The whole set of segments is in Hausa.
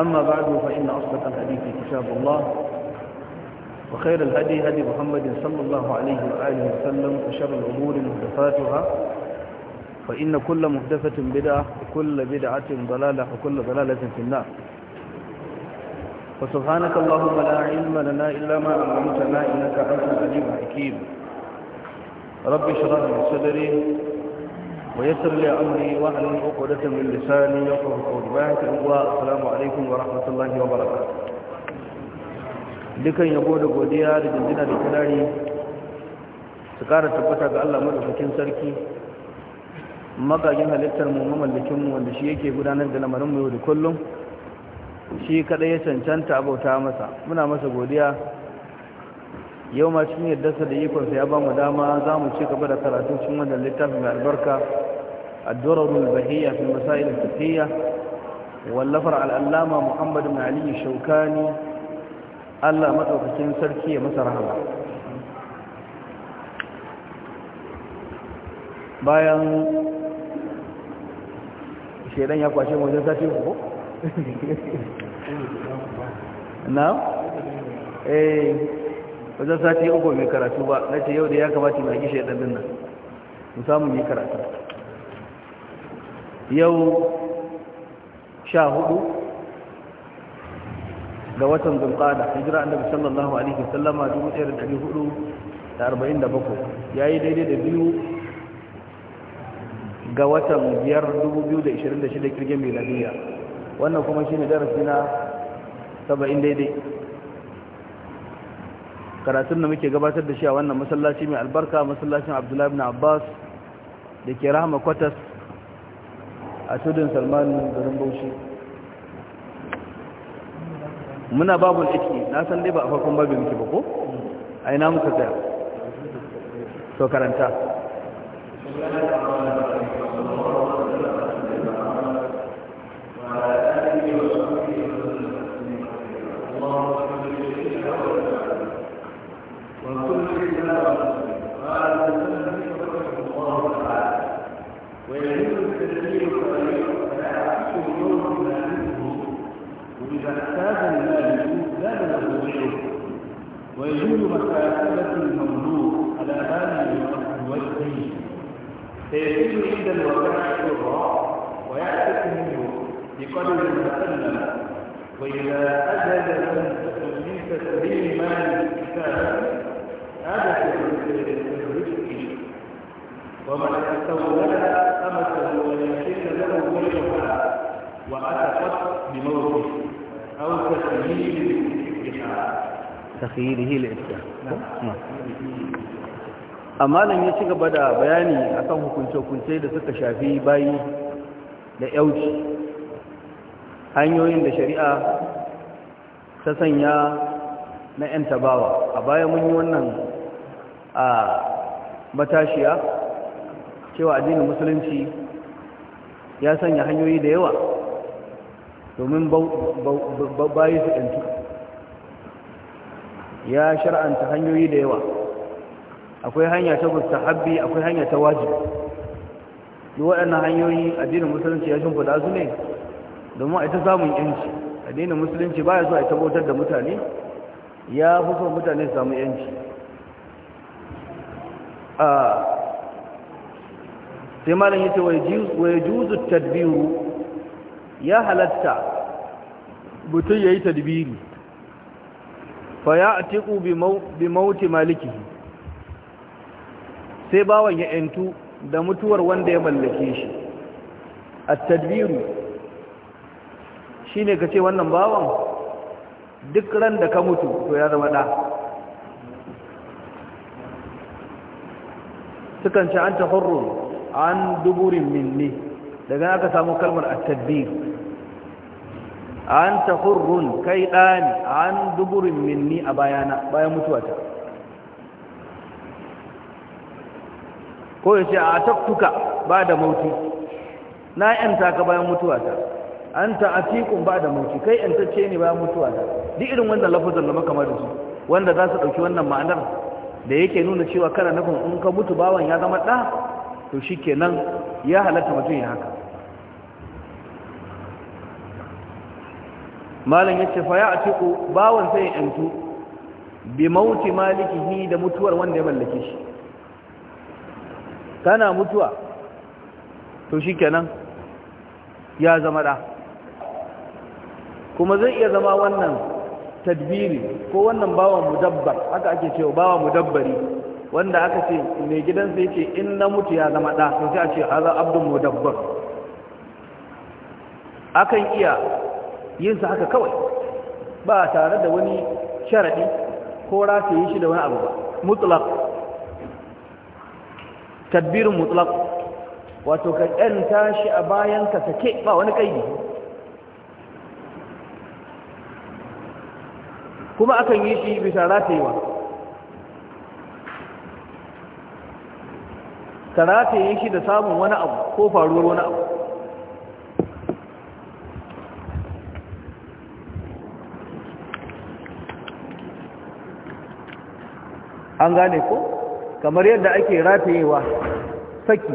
أما بعد فإن أصدق الحديث كتاب الله وخير الهدي هدي محمد صلى الله عليه وآله وسلم وشر الأمور محدثاتها فإن كل محدثة بدعة وكل بدعة ضلالة وكل ضلالة في النار وسبحانك اللهم لا علم لنا إلا ما علمتنا إنك أنت العليم الحكيم رب اشرح لي صدري ويسر لي أمري وأهل عقدة من لساني يقف قولي السلام عليكم ورحمة الله وبركاته dukan yabo da godiya da jinjina da kirari su kara tabbata ga Allah madaukakin sarki magagin halittar mu mamallakin mu wanda shi yake gudanar da lamarin mu yau da kullum shi kadai ya cancanta abota masa muna masa godiya yau ma cikin yardarsa da ikonsa ya ba mu dama za mu ci gaba da karatu cikin wannan littafin mai albarka الدرر البهية في المسائل الفقهية واللفر على الألامة محمد بن علي الشوكاني ألا متوقفين سلكية مسرها bayan shedan ya kwashe wajen sati ko? na? eh wajen sati uku mai karatu ba na ce yau da ya kamata mai gishe ɗan dinnan musamman yi karatu yau sha hudu ga watan zulkada hijira annabi sallallahu alaihi wasallama 1447 yayi daidai da biyu ga watan biyar dubu 2026 kirgin miladiya wannan kuma shine darasi na 70 daidai karatun da muke gabatar da shi a wannan masallaci mai albarka masallacin abdullahi ibn abbas da ke rahama kwatas a tudun salman garin baushi muna babu iki na san dai ba a farkon babu muke ba ko aina na muka tsaya so karanta وإذا أجد لهم تسليم مال كتابا هذا الرزق ومن استولى أمته ولكن له وجهها وأتقت بموته أو تسليم تخييره الإبتاع نعم أما لم بدأ بياني gaba da كنت akan hukunce-hukunce باي suka hanyoyin da shari'a ta sanya na 'yan tabawa a baya mun yi wannan a matashiya cewa addinin musulunci ya sanya hanyoyi da yawa domin bayi su ɗantu ya shar'anta hanyoyi da yawa akwai hanya ta habbi akwai hanya ta wajibi duk waɗannan hanyoyi addinin musulunci ya shimfiɗa su ne domin a ita samun yanci addinin musulunci ba ya so a bautar da mutane ya fi son mutane su samu yanci a sai malam yace Wai juzu tadbiru ya halatta mutum yi tadbiri fa teku bi mauti maliki. sai bawan ya yantu da mutuwar wanda ya mallake shi A tadbiru shi ne ka ce wannan bawan duk ran da ka mutu to ya zama ɗa sukan ce an ta an duburin minni daga aka samu kalmar attabbir an ta hurrun kai ɗani an duburin minni a bayana bayan mutuwata ko ya ce a taktuka ba da mauti na yanta ka bayan mutuwata an ta bada ba da mauki kai yantacce ne ba mutuwa da duk irin wanda lafazin da muka da su wanda za su ɗauki wannan ma'anar da yake nuna cewa kana nufin in ka mutu bawan ya zama ɗa to shi ya halatta mutum ya haka malam ya ce ya a bawan sai ya antu bi mauti malikihi da mutuwar wanda ya mallake shi kana mutuwa to shi ya zama ɗa kuma zai iya zama wannan tadbiri ko wannan bawa mudabbar haka ake cewa bawa mudabbari wanda aka ce mai gidansa yake in na mutu ya zama ɗa sun sai a ce haza abdun mudabbar akan iya yinsa sa haka kawai ba tare da wani sharaɗi ko rataye shi da wani abu ba mutlaq tadbirin mutlaq wato ka ƴanta shi a bayan ka sake ba wani ƙaidi kuma akan yi shi bisa ratayewa ka rataye shi da samun wani abu ko faruwar wani abu an gane ko kamar yadda ake ratayewa saki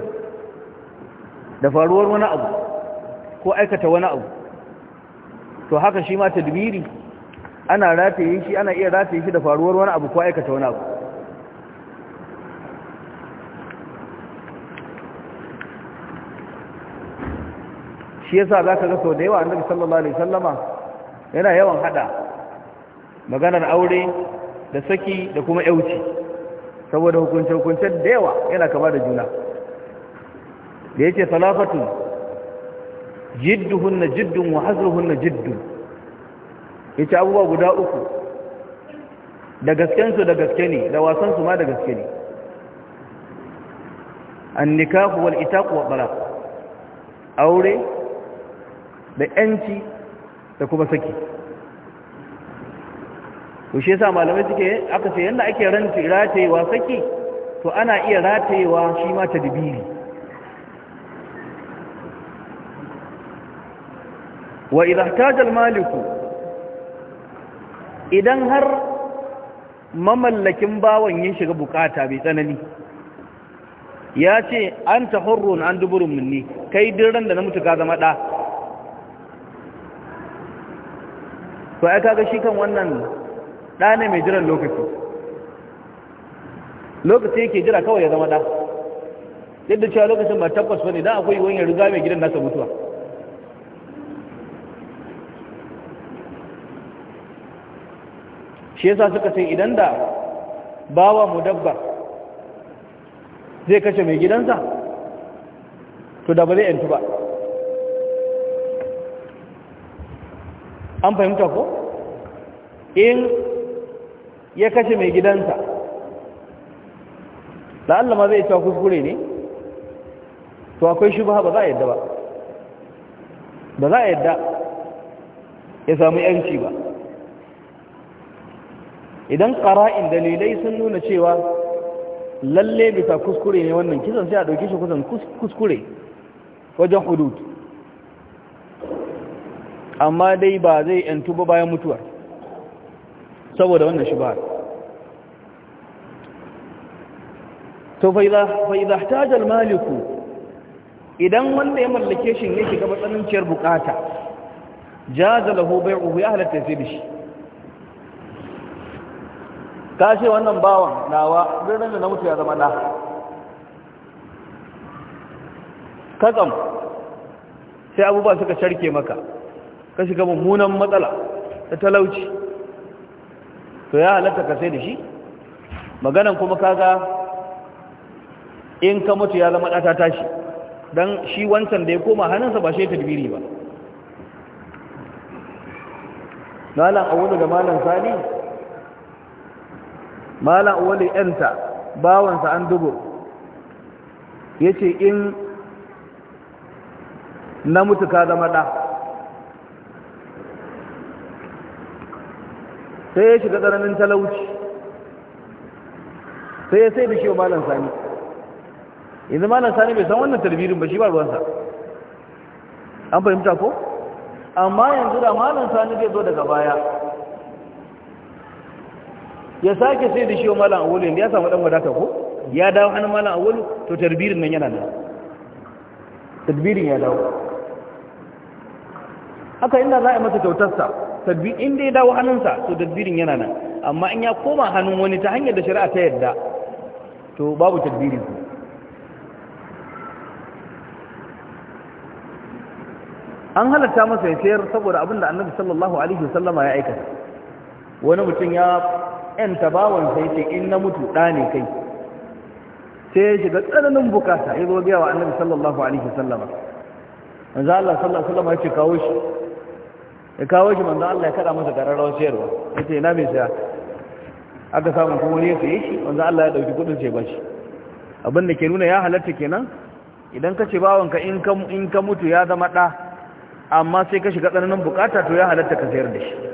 da faruwar wani abu ko aikata wani abu to haka shi ma tadbiri ana rataye shi ana iya rataye shi da faruwar wani abu ko aikata wani abu shi yasa za ka ga sau da yawa annabi sallallahu alaihi sallama yana yawan hada maganar aure da saki da kuma yauci saboda hukunce-hukunce da yawa yana kama da juna da yake salafatun jidduhunna jiddun wa hazruhunna jiddun ya ci abubuwa guda uku da gaskensu da gaske ne da wasansu ma da gaske ne An annikahu wal itaqu wa aure da yanci da kuma saki to shi yasa malamai suke aka ce yanda ake ranta ratayewa saki to ana iya ratayewa shi ma dibiri wa idha al maliku idan har mamallakin bawan yin shiga bukata bai tsanani ya ce an ta na an duburin minni kai dirran da na mutu ka zama ɗa to ya kaga shi kan wannan ɗa ne mai jiran lokaci lokaci yake jira kawai ya zama ɗa yadda cewa lokacin ba tabbas ba ne don akwai wani riga mai gidan nasa mutuwa shi yasa suka ce idan da bawa mu dabba zai kashe mai gidansa to da ba zai yantu ba an fahimta ko in ya kashe mai gidansa Allah ma zai cewa kuskure ne to akwai shi ba za a yadda ba ba za a yadda ya samu yanci ba idan ƙara'in dalilai sun nuna cewa lalle bisa kuskure ne wannan kisan sai a ɗauki shi kusan kuskure wajen hudud amma dai ba zai yantu ba bayan mutuwar saboda wannan shi ba to fa'iza hajjar maliku idan wanda ya mallake shi ne shiga matsananciyar bukata jaza bai bai'uhu ya halatta sai da shi ka ce wannan bawan nawa birnin da na mutu ya zama na kakam sai abubuwa suka sharke maka ka shiga mummunan matsala ta talauci to ya halatta ka sai da shi maganan kuma kaga in ka mutu ya zama ɗata tashi don shi wancan da ya koma hannunsa ba shi ya tabiri ba malam abu da malam sani mala wali yanta bawansa an dubu ya ce in na mutu ka zama ɗa sai ya shiga tsananin talauci sai ya sai da shi wa malam sani yanzu malam sani bai san wannan tarbirin ba shi ba ruwansa an fahimta ko amma yanzu da malan sani zai zo daga baya ya sake sai da shi wa malam awolu ya samu dan wadata ko ya dawo hannun malam awolu to tarbirin nan yana nan tarbirin ya dawo haka inda za a yi masa kyautarsa inda ya dawo hannunsa to tarbirin yana nan amma in ya koma hannun wani ta hanyar da shari'a ta yadda to babu tarbirin su an halatta masa ya sayar saboda abin da annabi sallallahu alaihi wasallama ya aikata wani mutum ya 'yanta bawansa sai ce in na mutu ɗa ne kai sai ya shiga tsananin bukata ya zo biya wa annabi sallallahu alaihi sallama manzo Allah sallallahu alaihi sallama ya ce kawo shi ya kawo shi manzo Allah ya kada masa gararrawar sayarwa ya ce na mai saya aka samu kuma wani ya saye shi manzo Allah ya dauki kudin ce bashi abin da ke nuna ya halatta kenan idan ka ce bawanka in ka in ka mutu ya zama ɗa amma sai ka shiga tsananin bukata to ya halatta ka sayar da shi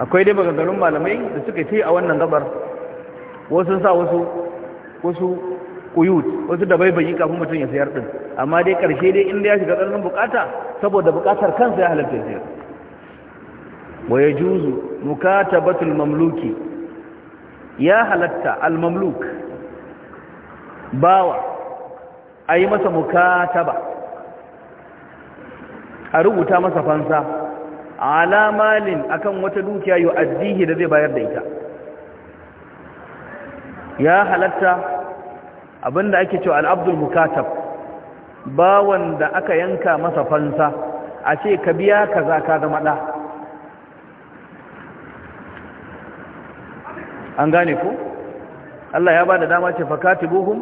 akwai dai maganganun malamai da suka ce a wannan gabar wasu sa wasu wasu kuyut wasu da baibayi kafin mutum ya sayar din amma dai karshe dai inda ya shiga tsananin bukata saboda bukatar kansa ya halatta ya sayar wa yajuzu mukatabatul mamluki ya halatta almamluk bawa ayi masa mukataba a rubuta masa fansa ala malin akan wata dukiya yu'addihi da zai bayar da ita ya halatta abinda ake cewa al-abdul mukatab bawan da aka yanka masa fansa a ce ka biya kaza ka zama da an gane ku Allah ya bada dama ce fakatibuhum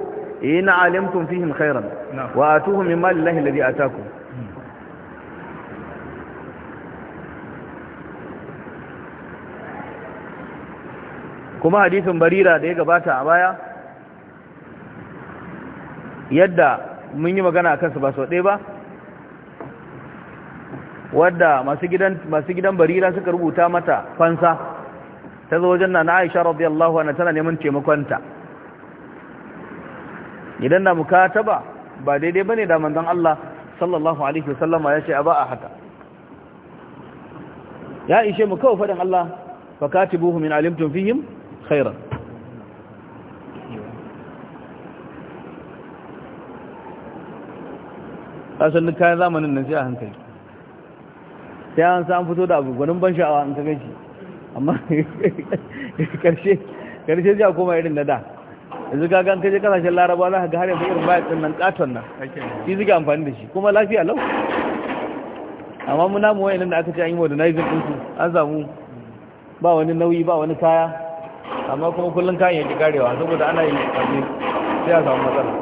na alimtum fihim khairan wa atuhum mimma lillahi a taku. kuma hadisin barira da ya gabata a baya yadda mun yi magana a kansu ba sau ɗaya ba wadda masu gidan barira suka rubuta mata fansa ta zo wajen na aisha radiyallahu ana tana neman taimakonta idan na mukataba ba daidai ba ne da manzon Allah sallallahu alaihi wasallama ya ce a ba a haka ya ishe mu kawo faɗin Allah katibuhu min alimtum fihim خيرا asalin kayan zamanin nan sai a hankali sai an sa fito da abu gwanin ban sha'awa an kaga shi amma karshe karshe ya koma irin na da yanzu ga gan kaje kasashen laraba za ka ga har yanzu irin bayan din nan katon nan shi suke amfani da shi kuma lafiya lau amma muna mu wayannan da aka ce an yi modernizing ɗinsu su an samu ba wani nauyi ba wani kaya amma kuma kullum kayan yake karewa saboda ana yi ƙarfi sai a samu matsala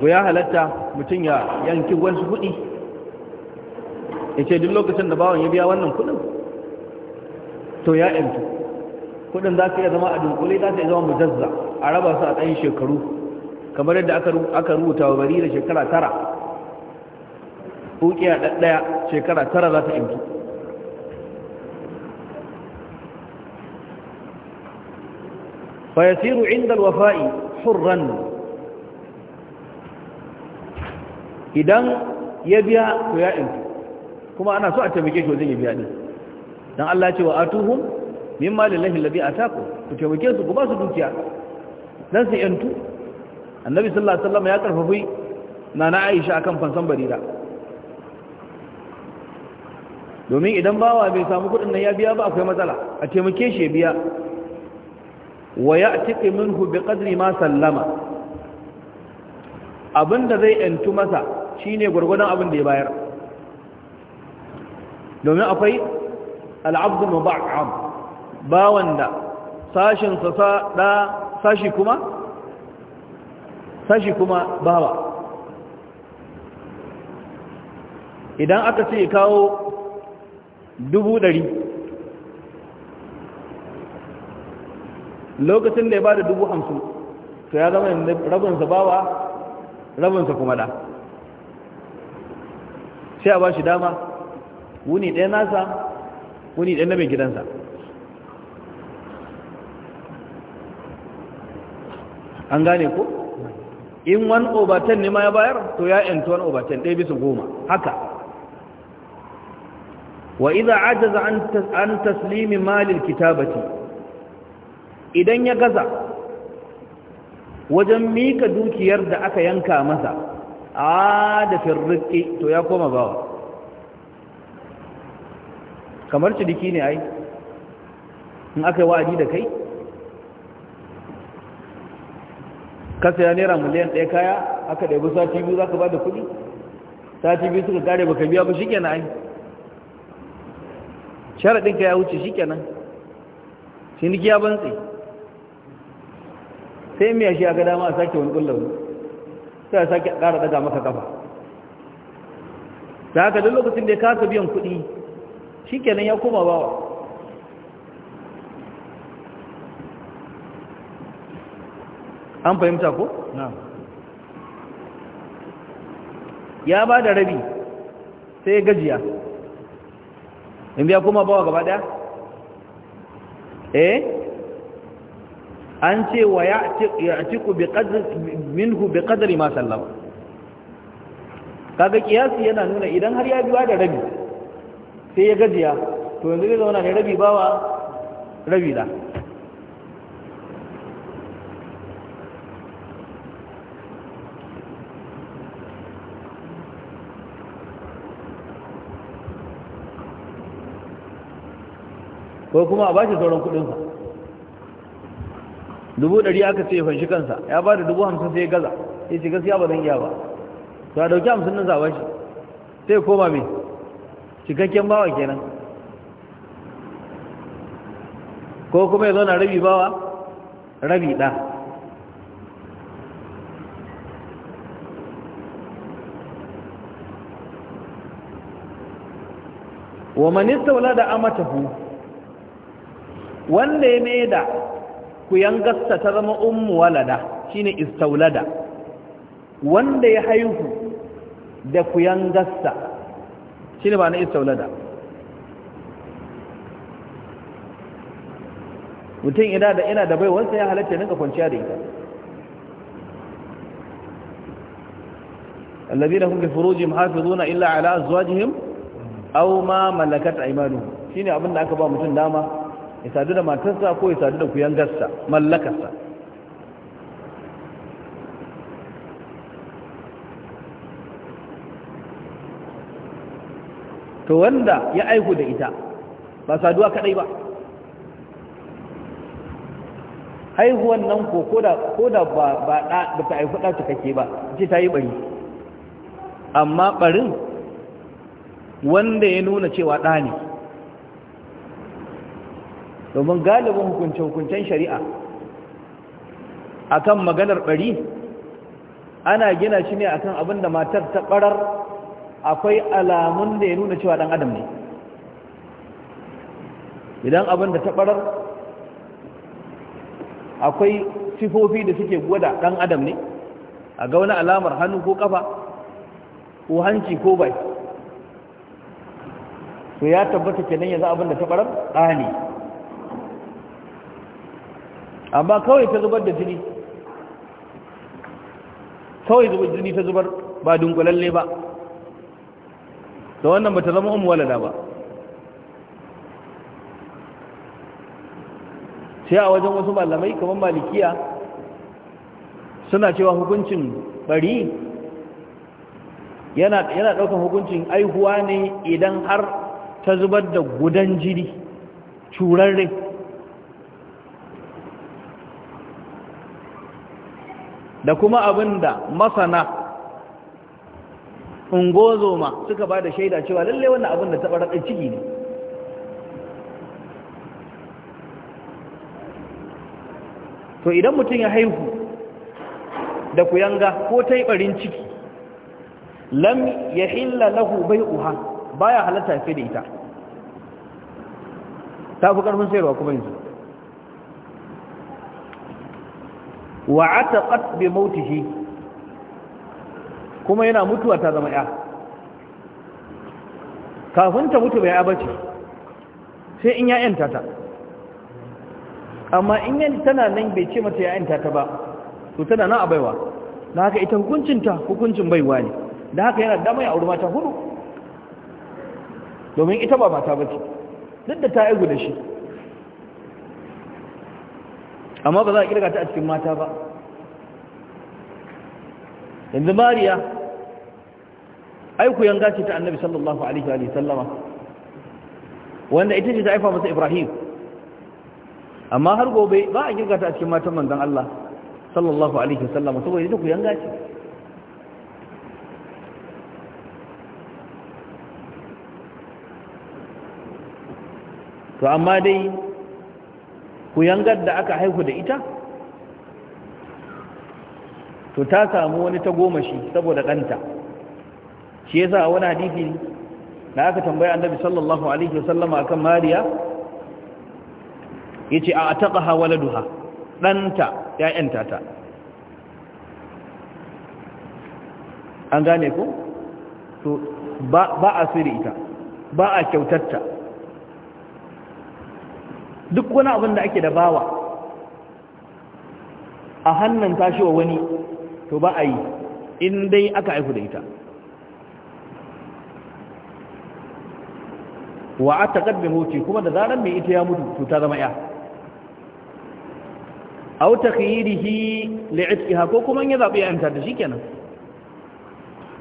ku ya halatta mutum ya yanki wasu kuɗi ya ce duk lokacin da bawon ya biya wannan kuɗin to ya yantu kudin za su iya zama a dunkule za su iya zama mujazza a raba su a tsayin shekaru kamar yadda aka rubuta wa bari da shekara tara ukiya ɗaya shekara tara za ta yantu fa yasiru inda alwafa'i hurran idan ya biya to ya yantu kuma ana so a taimake shi wajen ya biya din dan Allah ce wa atuhum mimma lillahi alladhi ataku ku taimake su ku ba su dukiya dan su yantu annabi sallallahu alaihi wasallam ya karfafi nana Aisha akan fansan barira domin idan bawa bai samu kudin nan ya biya ba akwai matsala a taimake shi biya wa ya'tiqi minhu biqadri ma sallama abinda zai yantu masa shine gurgurdan abin da ya bayar domin akwai al'abdu muba'am bawan da sashin sa da sashi kuma sashi kuma bawa idan aka ce kawo dubu ɗari lokacin da ya ba da dubu hamsin to ya zama rabinsa bawa rabinsa kuma da sai a ba shi dama wuni ɗaya nasa Wani ɗan na mai gidansa an gane ko in wani obatan ne ma ya bayar to ya yanta wani obatan ɗaya bisa goma haka wa iza ajaza an taslimi malil kitabati idan ya gaza wajen mika dukiyar da aka yanka masa a da firriki to ya koma bawa kamar ciniki ne ai in aka yi wa'adi da kai ka saya naira miliyan ɗaya kaya aka ɗaibi sati biyu za ka ba da kuɗi sati biyu suka kare baka biya ba shikenan ai sharaɗin ka ya wuce shikenan ciniki ya bantse sai miya shi aka dama a sake wani ƙullon sai a sake ƙara ɗaga maka kafa da haka duk lokacin da ya kasa biyan kuɗi kenan ya koma bawa an fahimta ko? ya ba da rabi sai ya gajiya in biya kuma bawa gaba daya? eh an ce wa ya ciku minhu bi kadari ma sallama kaga kiyasi yana nuna idan har ya biwa da rabi sai ya gajiya to yanzu zai zauna ne rabi bawa rabi da ko kuma a bashi sauran kudinsa dubu ɗari aka ce fanshi kansa ya ba da dubu hamsin sai gaza ya ce gaskiya ba zan iya ba ta dauki hamsin nan za a bashi sai koma mai cikakken bawa kenan ko kuma ya zauna rabi bawa rabi ɗa wa manista wula da amatahu wanda ya mai da gasta ta zama ummu walada shine istaulada wanda ya haihu da gasta shi ne ba na mutum idan da ina da bai wansa ya halatta ninka kwanciya da ita allabi da kuma furoji hafi zuna illa ala jihim au ma mallakat Imanu shi ne abinda aka ba mutum dama ya sadu da matarsa ko ya sadu da kuyan gasta mallakarsa to wanda ya aihu da ita ba saduwa kadai ba haihuwan nan ko koda ba ba da ba ta aihu da kake ba ce ta yi bari amma barin wanda ya nuna cewa da ne domin galibin hukunce hukuncin shari'a akan maganar bari ana gina shi ne akan abin da matar ta barar akwai alamun da ya nuna cewa dan adam ne idan abin da ta barar akwai sifofi da suke gwada dan adam ne a ga wani alamar hannu ko kafa ko hanci ko bai to ya tabbata kenan yanzu abin da ta barar ɗani amma kawai ta zubar da jini kawai jini ta zubar ba dunkulalle ba to wannan bata zama ummu walada ba sai a wajen wasu malamai kamar malikiya suna cewa hukuncin bari yana ɗaukar hukuncin aihuwa ne idan har ta zubar da gudan jiri curarre da kuma abin da masana ungozoma suka ba da shaida cewa lalle wannan abin da taɓa raɗin ciki ne to idan mutum ya haihu da ku yanga ko ta yi ɓarin ciki lam ya hilla lahu bai uha ba ya halatta fi da ita ta fi ƙarfin sayarwa kuma yanzu wa ƙasbe mautihi kuma yana mutuwa ta zama ya kafin ta mutu bai abace sai in ya'yan ta amma in yanzu tana nan bai ce mata ya'yan ta ba to tana nan a baiwa da haka ita hukuncinta hukuncin baiwa ne da haka yana dama ya auri mata hudu domin ita ba mata bace duk da ta aigu da shi amma ba za a kirga ta a cikin mata ba yanzu mariya aiku yanga ce ta annabi sallallahu alaihi wa sallama wanda ita ce ta aifa masa ibrahim amma har gobe ba a girgata a cikin matan manzon Allah sallallahu alaihi wa sallama saboda ita ku yanga ce to amma dai ku yangar da aka haihu da ita to ta samu wani tagomashi saboda kanta shi yasa wani hadisi na aka tambaya annabi sallallahu alaihi wasallama akan mariya yace a ataqaha waladuha danta ya'yanta tata an gane ko to ba ba asiri ita ba a kyautatta duk wani abin da ake da bawa a hannun tashi wa wani to ba a yi in dai aka aiku da ita wa a taƙar mauti kuma da zarar mai ita ya mutu to ta zama ya au takhirihi ha ko kuma ya zabi ya amsa da kenan.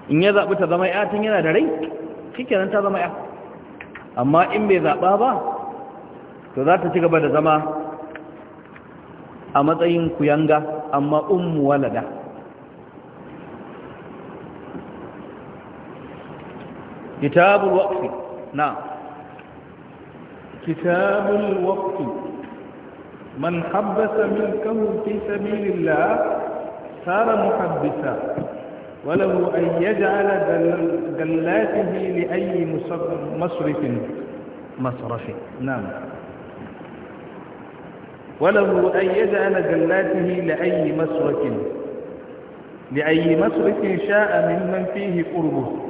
in ya zabi ta zama ya tun yana da rai shi kenan ta zama ya amma in bai zaba ba to za ta ci gaba da zama a matsayin kuyanga amma ummu walada kitabul waqfi na'am كتاب الوقت من حبس ملكه في سبيل الله صار محبسا وله أن يجعل دلاته لأي مصرف مصرف نعم وله أن يجعل دلاته لأي مصرف لأي مصرف شاء ممن فيه قربه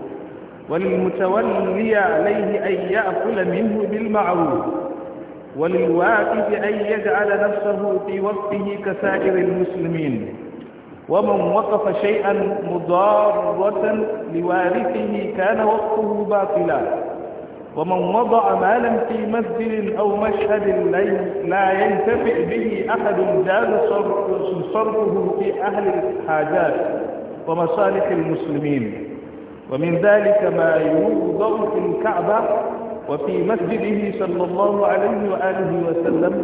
وللمتولي عليه أن يأكل منه بالمعروف وللواقف أن يجعل نفسه في وقته كسائر المسلمين ومن وقف شيئا مضارة لوارثه كان وقفه باطلا ومن وضع مالا في مسجد أو مشهد لا ينتفع به أحد جاز صرفه في أهل الحاجات ومصالح المسلمين ومن ذلك ما يوضع في الكعبة وفي مسجده صلى الله عليه وآله وسلم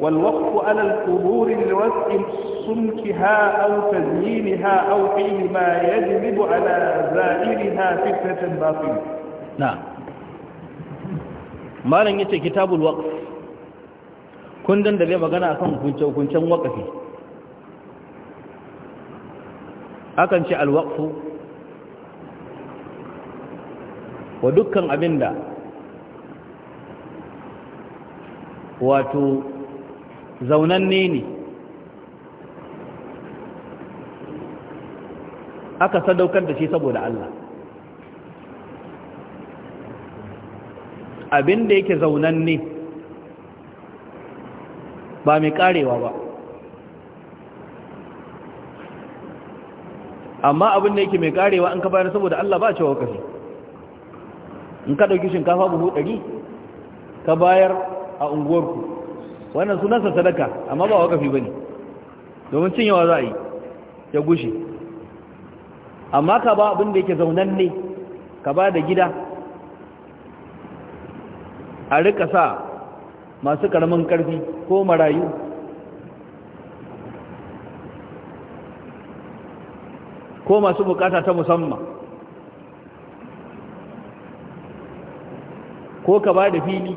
والوقف على القبور لوسع سمكها أو تزيينها أو فيه ما يجلب على زائرها فتنة باطلة نعم ما yace kitabul كتاب الوقف da zai magana akan hukunce-hukuncen waqfi akan ce al-waqfu wa dukkan abinda wato zaunanne ne aka sadaukar da shi saboda Allah abinda yake zaunanne ba mai karewa ba amma abin da yake mai karewa an ka bayar saboda Allah ba cewa kashi. in ka ɗauki shinkafa buhu ɗari ka bayar a unguwarku wannan sunansa sadaka amma ba wakafi ba ne domin yawa za a yi ya gushi. amma ka ba abin da yake zaunan ne ka ba da gida a rika sa masu karamin karfi ko marayu ko masu bukata ta musamman ko ka ba da fili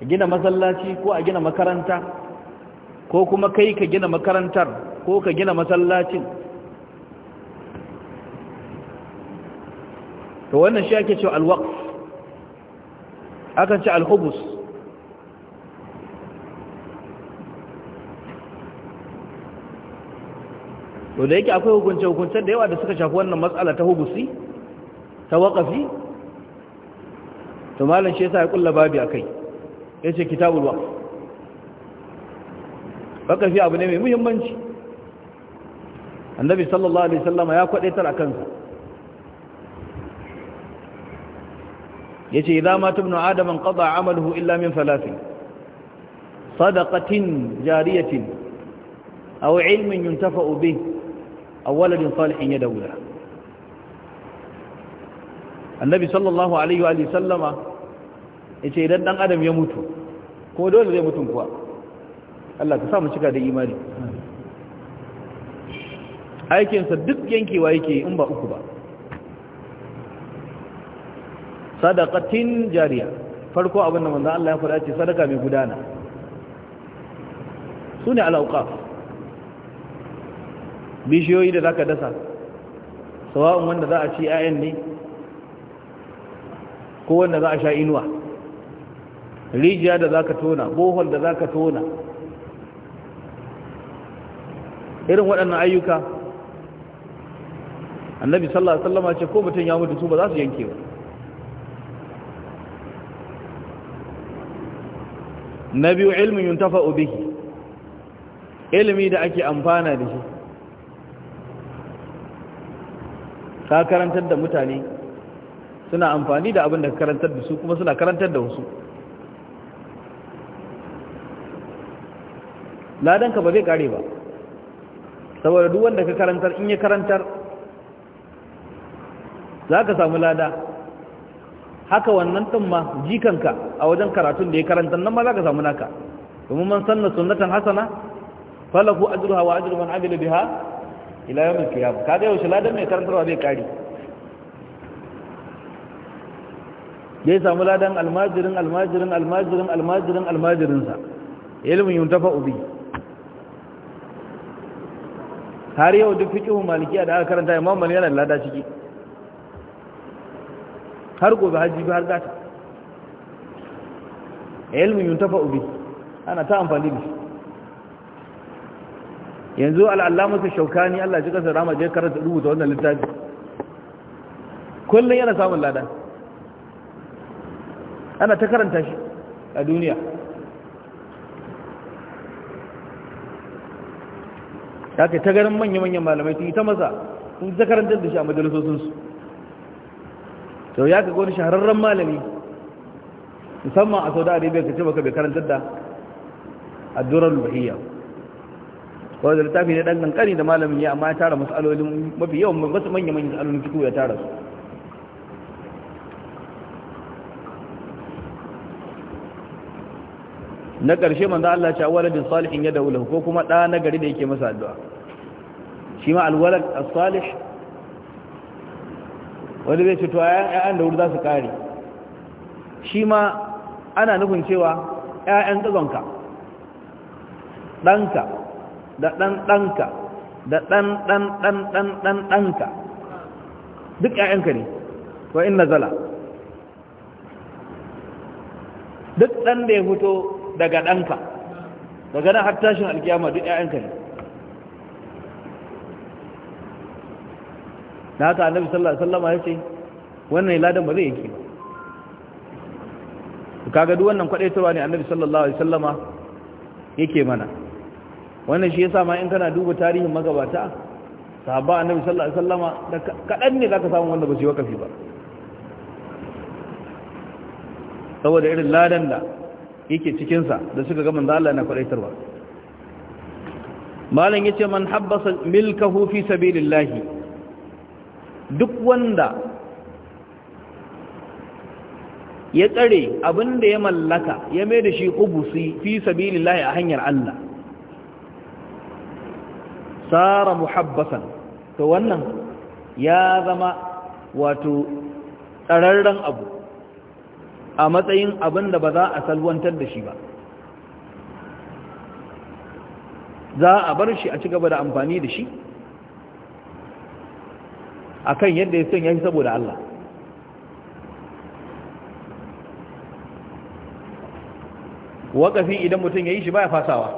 a gina masallaci ko a gina makaranta ko kuma kai ka gina makarantar ko ka gina masallacin to wannan shi ake cewa alwaqf akan ce alhubus to da yake akwai hukunce hukunce da yawa da suka shafi wannan matsala ta hubusi ta waqafi to malam shi yasa ya kulla babi akai yace kitabul waqf waqfi abu ne mai muhimmanci annabi sallallahu alaihi wasallama ya kwadaitar akan sa yace idza mata ibnu adam qada amaluhu illa min thalathin sadaqatin jariyatin aw ilmin yuntafa bih aw waladin salihin yadawlahu annabi sallallahu alaihi wa sallama yace idan dan adam ya mutu ko dole zai mutu kuwa Allah ka sa mu cika da imani aikinsa duk yankewa yake in ba uku ba sadaqatin jariya farko abin da manzo Allah ya faɗa ce sadaka mai gudana sune al-awqaf bishiyoyi da zaka dasa sawa'un wanda za a ci ayan ne ko wanda za a sha inuwa rijiya da za ka tona bohol da za ka tona irin waɗannan ayyuka annabi sallallahu alaihi wasallam ce ko mutum ya mutu su ba za su yanke ba na biyu ilmin yuntafa bihi ilimi da ake amfana da shi ka karantar da mutane suna amfani da abin da ka karantar da su kuma suna karantar da wasu ladanka ba zai kare ba saboda duk wanda ka karantar in ya karantar za ka samu lada haka wannan tumma ma jikanka a wajen karatun da ya karantar nan ma za ka samu naka domin man sannan sunnatan hasana falahu ajiru hawa ajiru man amila biha ila yawm al-qiyamah kaga yaushe ladan mai karantarwa zai kare da ya samu ladan almajirin almajirin almajirin almajirin almajirinsa ilmin yuntafa ubi har yau duk fiƙihun maliki da aka karanta imam mali yana lada ciki har gobe hajji bi har gata Ilmin yuntafa ubi ana ta amfani da shi yanzu al'allamusa shaukani allah ji kasar rama je karanta rubuta wannan littafi kullum yana samun ladan. ana ta karanta shi a duniya ta kai ta ganin manya-manyan malamai su yi ta masa sun ta karanta da shi a majalisosinsu sau ya ka wani shahararren malami musamman a sau da arabiya ka ce baka bai karanta da addurar luhiyya wadda littafi ne ɗan ƙanƙani da malamin ya amma ya tara masu alolin mafi yawan masu manya-manyan alolin fito ya tara su na ƙarshe manzo Allah ya ce waladin salihin ya daula ko kuma ɗa na gari da yake masa addu'a shi ma alwalad as-salih wani zai ce to ayan da wuri za su kare shi ma ana nufin cewa ƴaƴan tsazonka ɗanka da ɗan ɗanka da ɗan ɗan ɗan ɗan ɗan ɗanka duk ƴaƴanka ne wa in nazala duk ɗan da ya fito daga ɗanka daga nan har tashin alkiyama duk ‘ya'yanka ne na haka annabi sallallahu alaihi wasallam ya ce wannan ladan ba zai yake ba kaga duk wannan kwadaitarwa ne annabi sallallahu alaihi wasallama yake mana wannan shi yasa ma in kana duba tarihin magabata sahabba annabi sallallahu alaihi wasallama da kadan ne zaka samu wanda ba su yi wakafi ba saboda irin ladan da yake cikinsa da suka ga manzo Allah na kwadaitarwa malam yace man habbasa milkahu fi sabilillah duk wanda ya tsare abin da ya mallaka ya mai da shi ubusi fi sabilillah a hanyar Allah sara muhabbasan to wannan ya zama wato tsararren abu a matsayin abin da ba za a salwantar da shi ba za a bar shi a ci gaba da amfani da shi A kan yadda ya son shi saboda Allah waƙafi idan mutum ya yi shi ba ya fasawa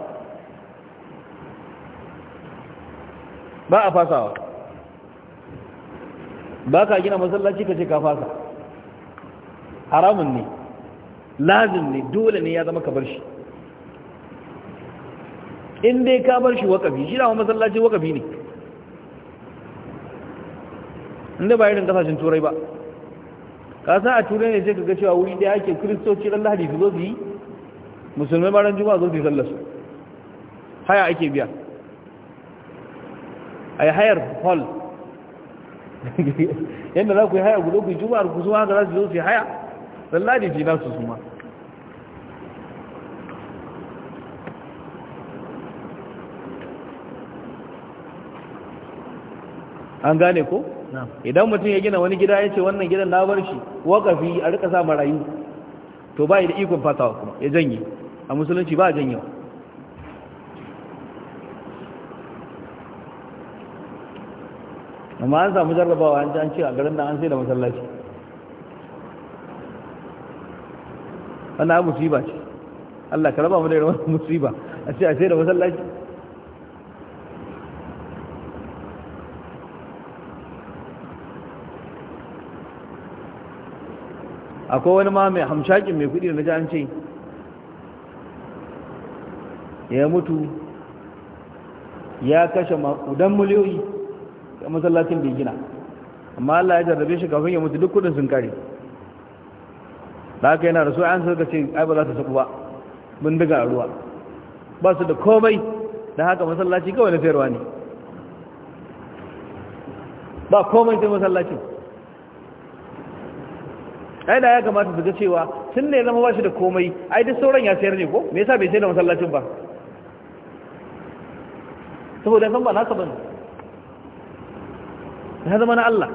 ba a fasawa ba ka gina masallaci ka ce ka fasa haramun ne lazim ne dole ne ya zama ka bar shi in dai ka bar shi wakafi shi da masallaci wakafi ne inda ba irin kasashen turai ba ka san a turai ne sai ka ga cewa wuri da ake kristoci ran lahadi su zo su yi musulmai ba ran juma'a zo su yi sallar su haya ake biya a yi hayar hall yadda za ku yi haya guda ku yi juma'ar ku zo haka za su zo su yi haya lallari ji nasu su ma an gane ko idan mutum ya gina wani gida ya ce wannan gidan na bar shi wakafi a rika sa marayu to ba da ikon fatawa kuma ya janye a musulunci ba a wa. amma an samu jarrabawa an ce a garin da an sai da masallaci wannan musiba ce Allah ka raba mu da wannan musiba a ce a ce da masallaci akwai wani ma mai hamshakin mai kudi da naji an ce ya mutu ya kashe makudan miliyoyi a masallacin bai gina amma Allah ya jarrabe shi kafin ya mutu duk kudin sun kare da haka yana da su an suka ce ai ba za ta saku ba mun diga ruwa ba su da komai da haka masallaci kawai na sayarwa ne ba komai sai masallaci ai da ya kamata su ga cewa tun da ya zama ba shi da komai ai duk sauran ya sayar ne ko me yasa bai sai da masallacin ba saboda san ba nasa ne ya zama na Allah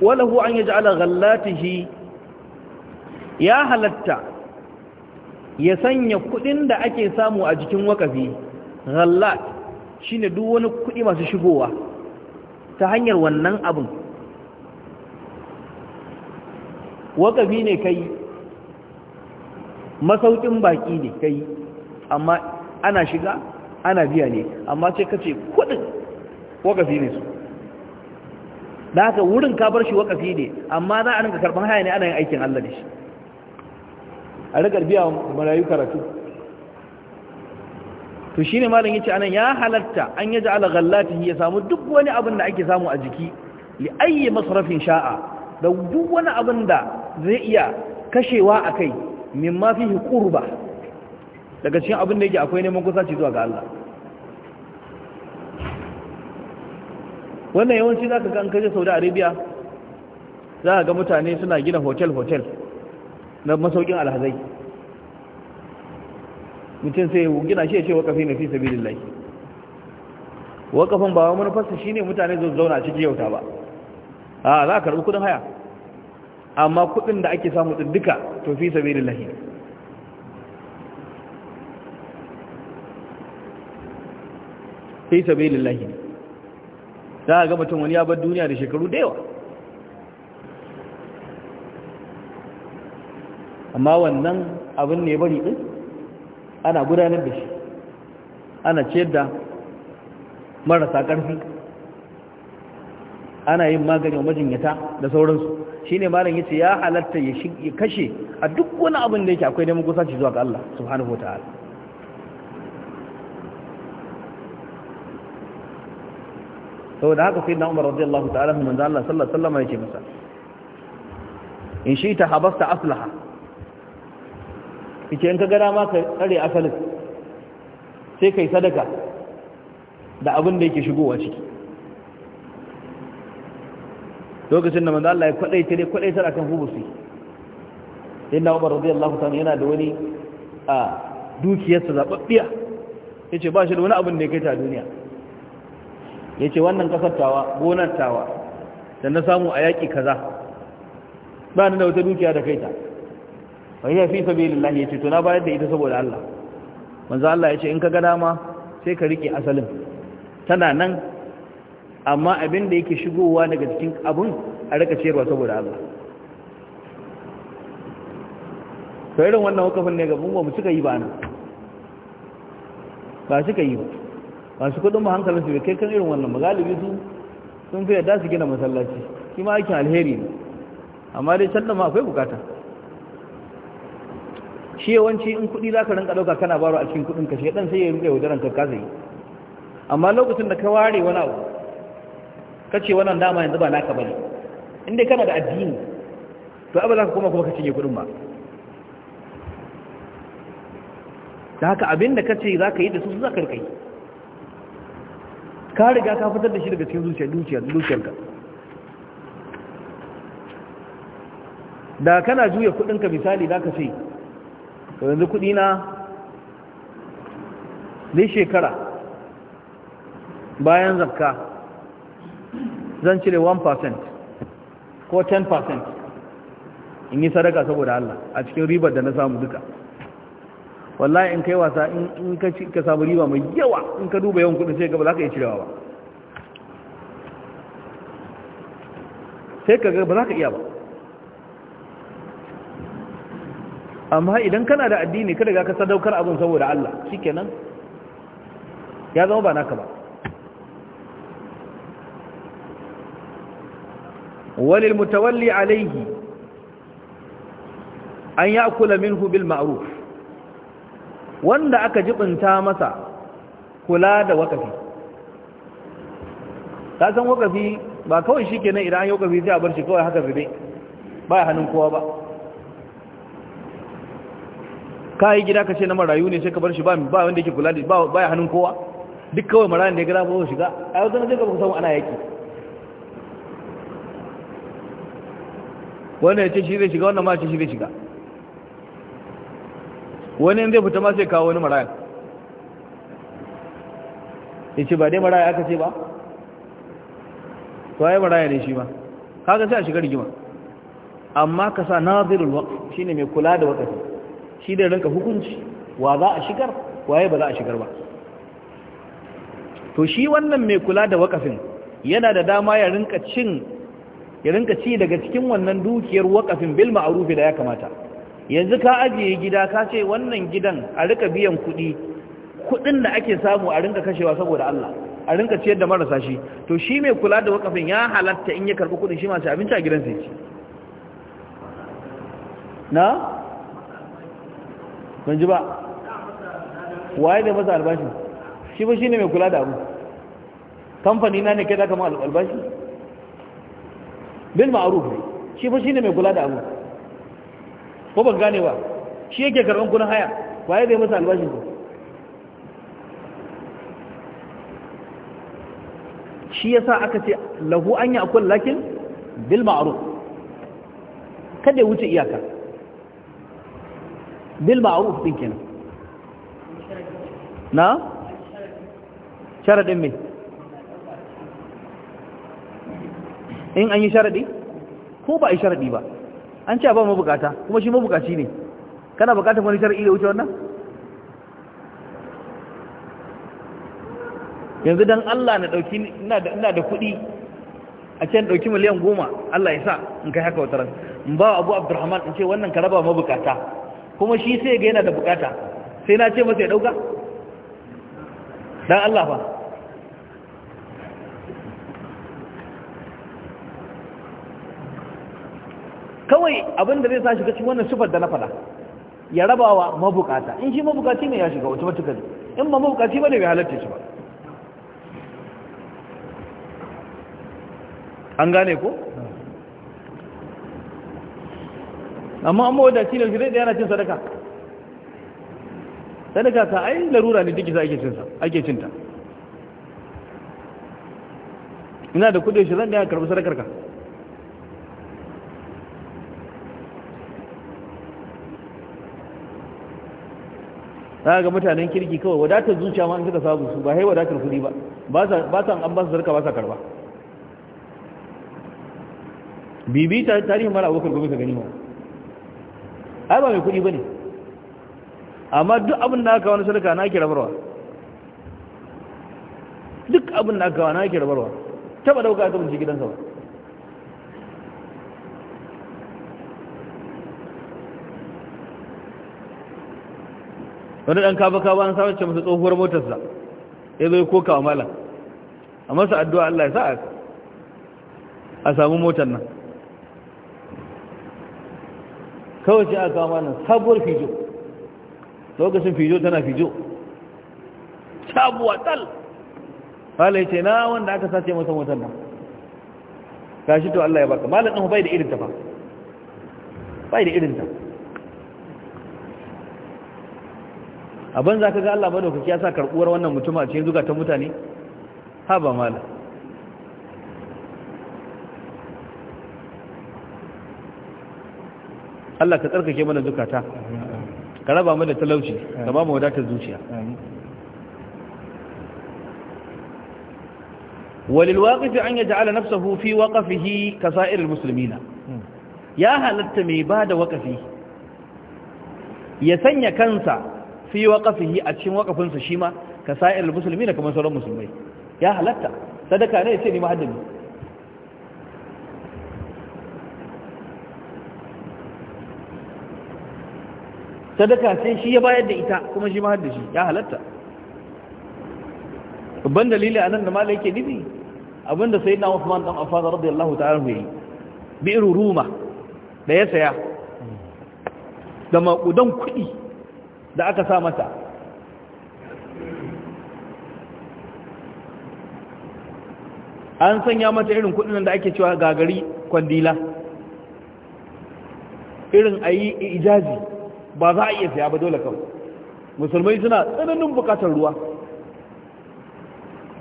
walahu an yaj'ala ghallatihi ya halatta ya sanya kudin da ake samu a jikin wakafi ghallat shine duk wani kudi masu shigowa ta hanyar wannan abin wakafi ne kai masaukin baki ne kai amma ana shiga ana biya ne amma sai kace kudin wakafi ne su da haka wurin ka bar shi wakafi ne amma za a rinka karban haya ne ana yin aikin Allah da shi a rinka biya marayu karatu to shi ne malam yace anan ya halatta an yaji ala ghallatihi ya samu duk wani abin da ake samu a jiki li ayyi masrafin sha'a da duk wani abin da zai iya kashewa akai mimma fihi qurba daga cikin abin da yake akwai neman kusaci zuwa ga Allah wannan yawanci za ka ga an kaje saudi arabia za a ga mutane suna gina hotel-hotel na masaukin alhazai mutum sai gina shi ya ce wakafi na fi sabi wakafin ba wa manufarsa shi ne mutane zo zauna a ciki yauta ba a za a karbi kudin haya amma kudin da ake samu duka to fi sabi fi sabi za a ga mutum wani ya bar duniya da shekaru da yawa amma wannan abin ne bari ɗin ana gudanar da shi ana ciyar da marasa ƙarfi ana yin magani wa majinyata da sauransu shi ne malam ya halatta ya kashe a duk wani abin da yake akwai neman kusa zuwa ga Allah subhanahu wa ta'ala saboda haka sai na umar radiyallahu ta'ala mun Allah yake masa in shi ta habasta aslaha yake ka ga dama ka tsare asalin sai kai sadaka da abin da yake shigowa ciki lokacin da manzo Allah ya hubusi na umar radiyallahu ta'ala yana da wani a dukiyarsa ya ce ba shi da wani abin da ya kai ta duniya ya ce wannan kasar tawa gonar tawa da na samu a yaƙi kaza ba ni da wata dukiya da kaita wani ya fi lullah ya ce to na bayar da ita saboda Allah wanzu Allah ya ce in ka gada ma sai ka riƙe asalin tana nan amma abin da yake shigowa daga cikin abun a rika ciyarwa saboda Allah to irin wannan wakafin ne ga mu mu suka yi ba nan ba suka yi ba masu kudin mu hankalin su bai kai kan irin wannan magalibi su sun fi yadda su gina masallaci shi ma aikin alheri ne amma dai can da ma akwai bukata shi yawanci in kudi za ka rinka ɗauka kana baro a cikin kudin ka shi ɗan sai ya rinka yaudaran ka kasa yi amma lokacin da ka ware wani abu ka ce wannan dama yanzu ba naka bane inda kana da addini to abu za ka koma kuma ka cinye kudin ba da haka abin da ka ce za ka yi da su za ka rikai ka riga ka fitar da shi daga cikin zuciyar zuciyarka da kana juya kudinka misali za ka ce yanzu kudina zai shekara bayan zakka zan cire 1% ko 10% in yi sadaka saboda Allah a cikin ribar da na samu duka wallahi in kai wasa in ka ci ka samu riba mai yawa in ka duba yawan kudin sai ka ba za ka iya cirewa ba sai ka ga ba za ka iya ba amma idan kana da addini kada ga ka sadaukar abin saboda Allah shikenan ya zama ba naka ba walil mutawalli alaihi an ya'kula minhu bil ma'ruf wanda aka jibinta masa kula da wakafi ta san wakafi ba kawai shi kenan idan an yi wakafi sai a bar shi kawai haka zube ba ya hannun kowa ba ka yi gida ka ce na marayu ne sai ka bar shi ba wanda yake kula da ba ya hannun kowa duk kawai marayun da ya gada ba shiga a yau zana zai gaba kusan ana yaki wanda ya ce shi zai shiga wanda ma ce shi zai shiga wani zai fita ma sai kawo wani maraya ya ce ba dai maraya aka ce ba waye maraya ne shi ba kaga sai a shigar rigima amma ka sa nazirul shi shine mai kula da waqafi shi da rinka hukunci wa za a shigar waye ba za a shigar ba to shi wannan mai kula da wakafin yana da dama ya rinka cin ya rinka ci daga cikin wannan dukiyar bilma bil rufe da ya kamata yanzu ka ajiye gida ka ce wannan gidan a rika biyan kuɗi kuɗin da ake samu a rinka kashewa saboda Allah a rinka ciyar da marasa shi to shi mai kula da wakafin ya halatta in ya karɓi kuɗin shi masu abinci a gidan sai na? ban ji ba waye da masa albashi shi ba shi ne mai kula da abu kamfani na ne kai da ka albashi bin ma'aruf ne shi ba shi ne mai kula da abu ko ban gane ba shi yake karɓar kunan haya waye zai masa albashin ku shi yasa aka ce lahu an yi akwai lakin bil ma'ruf kada ya wuce iyaka bil ma'ruf din kenan na sharadin me in an yi sharadi ko ba a yi sharadi ba an ce ba mabukata kuma shi mabukaci ne kana bukatar wani shar'i da wuce wannan yanzu dan Allah na dauki ina da ina da kuɗi a ce na dauki miliyan goma Allah ya sa in kai haka wataran in ba Abu Abdurrahman in ce wannan ka raba mabukata kuma shi sai ga yana da bukata sai na ce masa ya dauka dan Allah fa kawai abin da zai sa shiga cikin wannan sifar da na faɗa ya rabawa mabukata in shi mabukaci ne ya shiga wata matuka ne in ba mabukaci ba ne bai halarta shi ba an gane ko amma an mawadaci ne shi zai da yana cin sadaka sadaka ta ai larura ne duk isa ake cinta ina da kudin shi zan da ya karbi sadakar ka za ga mutanen kirki kawai wadatar zuciya ma an suka samu su ba hai wadatar kudi ba ba sa an ba su zarka ba sa karba bibi tarihin mara abokan gobe ka gani ma ai ba mai kuɗi ba ne amma duk abin da aka wani sadaka na ake barwa duk abin da aka wani ake barwa taba dauka ta bincike gidansa ba wani ɗan kaba kaba an samun ce masu tsohuwar motarsa ya zo koka wa mala a masa addu'a Allah ya sa'a a samu motar nan kawai ce a kawo malam sabuwar fijo lokacin fijo tana fijo sabuwa tal malam ce na wanda aka sace masa motar nan gashi to Allah ya baka malam ɗin bai da irin ta ba bai da irin ta abin za ka ga Allah madaukaki ya sa karɓuwar wannan mutum a cikin ta mutane ha ba mala Allah ka tsarkake mana zukata ka raba mana talauci ka ba mu wadatar zuciya an وللواقف أن يجعل نفسه في وقفه muslimina ya halatta mai bada waqfi ya sanya kansa fi waqafihi a cikin waqafin sa shima ka sa'ir na kamar sauran musulmai ya halatta sadaka ne yace ni muhaddimi sadaka sai shi ya bayar da ita kuma shi muhaddisi ya halatta babban dalili anan da malai yake nufi abinda sayyidina Uthman dan Affan radiyallahu ta'ala yi bi'ru ruma da ya saya da maƙudan kudi. da aka sa mata an sanya mata irin kudin da ake cewa gagari kwandila irin a yi ijazi ba za a iya saya ba dole kawai musulmai suna tsananin bukatar ruwa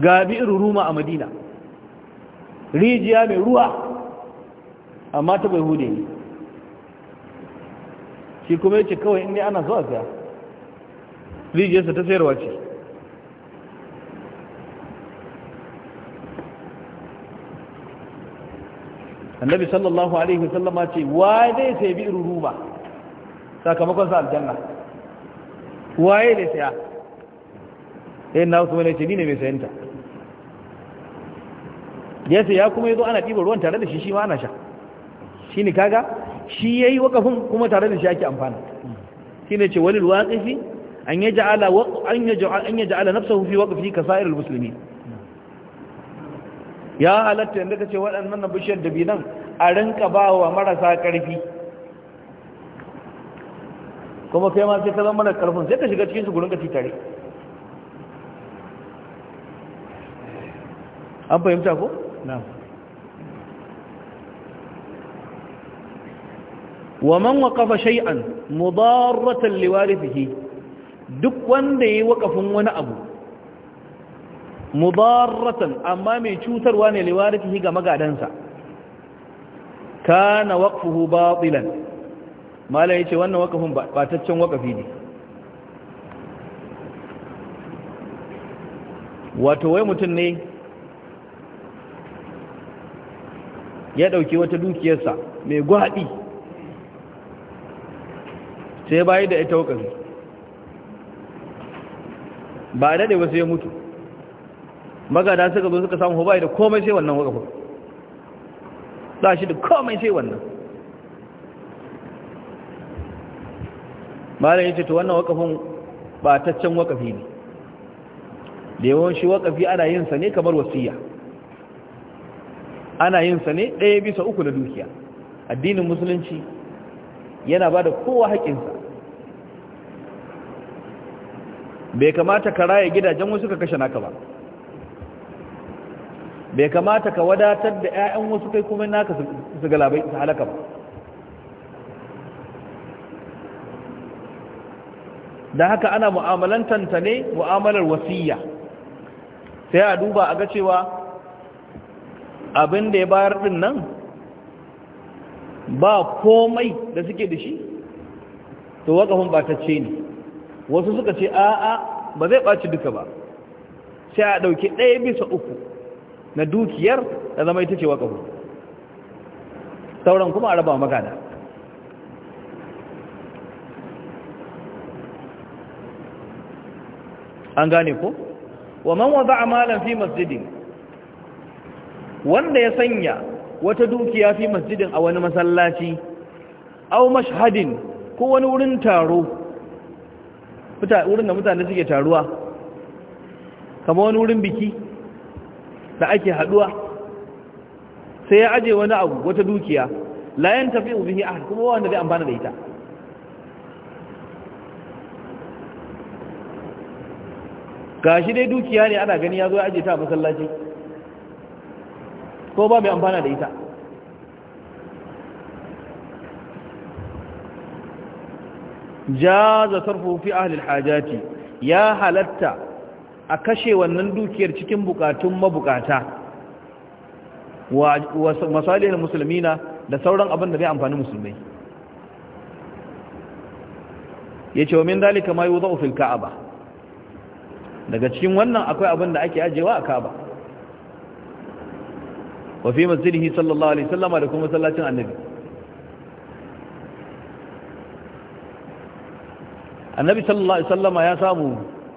ga irin ruma a madina rijiya mai ruwa amma ta bai hude ne shi kuma yace kawai inda ana zuwa saya rijiyarsa ta sayarwa ce annabi sallallahu alaihi wasallama ce waye zai sai bi'ir ruba sakamakon sa aljanna waye ne saya sai na wasu wani ce ni ne mai sayanta ya saya kuma yazo ana ɗiba ruwan tare da shi shi ma ana sha shi ne kaga shi ya yi wakafin kuma tare da shi ake amfana shi ne ce walil waƙifi an yaj'ala an yaj'ala an yaj'ala nafsuhu fi waqfi kasairil ya halatta yadda ka waɗannan bishiyar da binan a rinka ba wa marasa ƙarfi kuma kai ma sai ka zama da ƙarfin sai ka shiga cikin gurin ka tare an fahimta ko? wa waƙafa duk wanda ya yi wakafin wani abu mudarratan amma mai cutarwa ne liwaritihi ga magadansa kana waqfuhu batilan mala yace wannan wakafin bataccen wakafi ne wato wai mutum ne ya dauke wata dukiyarsa mai gwaɗi sai bayi da ita wakafi ba da ba sai ya mutu magada suka zo suka samu bai da komai sai wannan wakafa ba shi da komai sai wannan ya yace to wannan wakafin wuka fi ne da yawon shi fi ana yin ne kamar wasiya ana yin ne ɗaya bisa uku na dukiya addinin musulunci yana ba da kowa haƙinsa bai kamata ka raya gidajen wasu ka kashe naka ba bai kamata ka wadatar da 'ya'yan wasu kai kuma naka su galabai su halaka ba da haka ana mu'amalantanta ne mu'amalar wasiya sai a duba a ga cewa abin da ya bayar din nan ba komai da suke da shi to wakafin ba ta ce ne wasu suka ce a'a ba zai ɓaci duka ba sai a ɗauki ɗaya bisa uku na dukiyar da zama ita ce waƙafu sauran kuma a raba magana an gane ko wa man wada amalan fi masjidin wanda ya sanya wata dukiya fi masjidin a wani masallaci au mashhadin ko wani wurin taro wurin da mutane suke taruwa kama wani wurin biki da ake haduwa sai ya aje wani abu wata dukiya layan tafi ubihi ahad kuma wanda zai amfana da ita ga shi dai dukiya ne ana gani ya zo ya aje ta a masallaci ko ba mai amfana da ita jaza sarfu fi ahli alhajati ya halatta a kashe wannan dukiyar cikin bukatun mabukata wa masalihul muslimina da sauran abin da zai amfani musulmai yace wa min dalika ma yudau fil ka'aba daga cikin wannan akwai abin da ake ajewa a ka'aba wa fi masjidihi sallallahu alaihi wasallam da kuma sallacin annabi annabi sallallahu alaihi sallama ya samu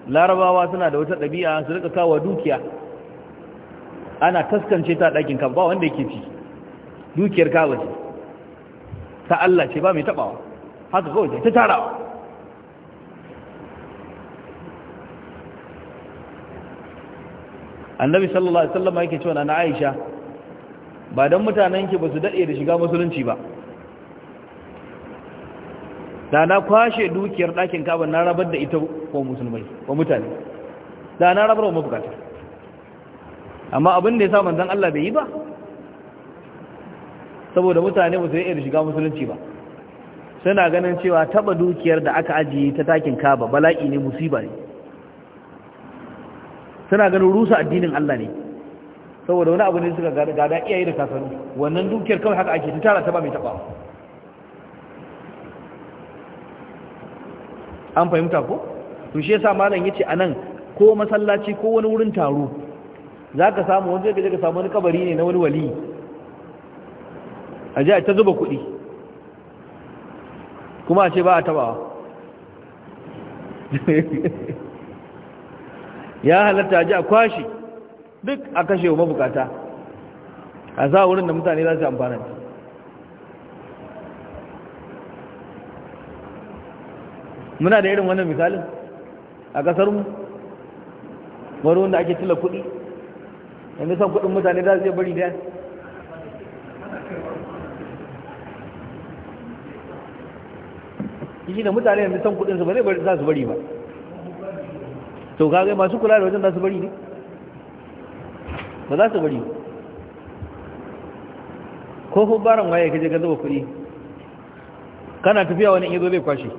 larabawa suna da wata ɗabi'a su rika kawo dukiya ana taskance ta ɗakin kan ba wanda yake ci dukiyar kawo ce ta Allah ce ba mai taɓawa haka kawai ta tarawa annabi sallallahu alaihi wasallama yake cewa na Aisha ba dan mutanen ki ba su dade da shiga musulunci ba da na kwashe dukiyar ɗakin kaba na rabar da ita wa musulmai wa mutane da na rabar wa mafukata amma abin da ya sa zan Allah bai yi ba saboda mutane ba su yi iri shiga musulunci ba suna ganin cewa taba dukiyar da aka ajiye ta takin kaba bala'i ne musiba ne suna ganin rusa addinin Allah ne saboda wani abu ne suka gada iyaye da kasaru wannan dukiyar kawai haka ake ta tara ta ba mai taɓawa an fahimta ko to shi yasa malam yace anan ko masallaci ko wani wurin taro zaka samu wani zai ka samu wani kabari ne na wani wali aje ta zuba kuɗi kuma a ce ba a tabawa ya halatta aje a kwashi duk a kashe wa mabukata a za wurin da mutane za su amfana muna da irin wannan misalin a mu wani wanda ake tula kuɗi yanzu san kuɗin mutane za su bari da shi da mutane yanzu son su ba zai bari za su bari ba to kagai masu kula da wajen za su bari ne ba za su bari ko ko baran waye kaje ka zuba kuɗi kana tafiya wani in yazo zai kwashe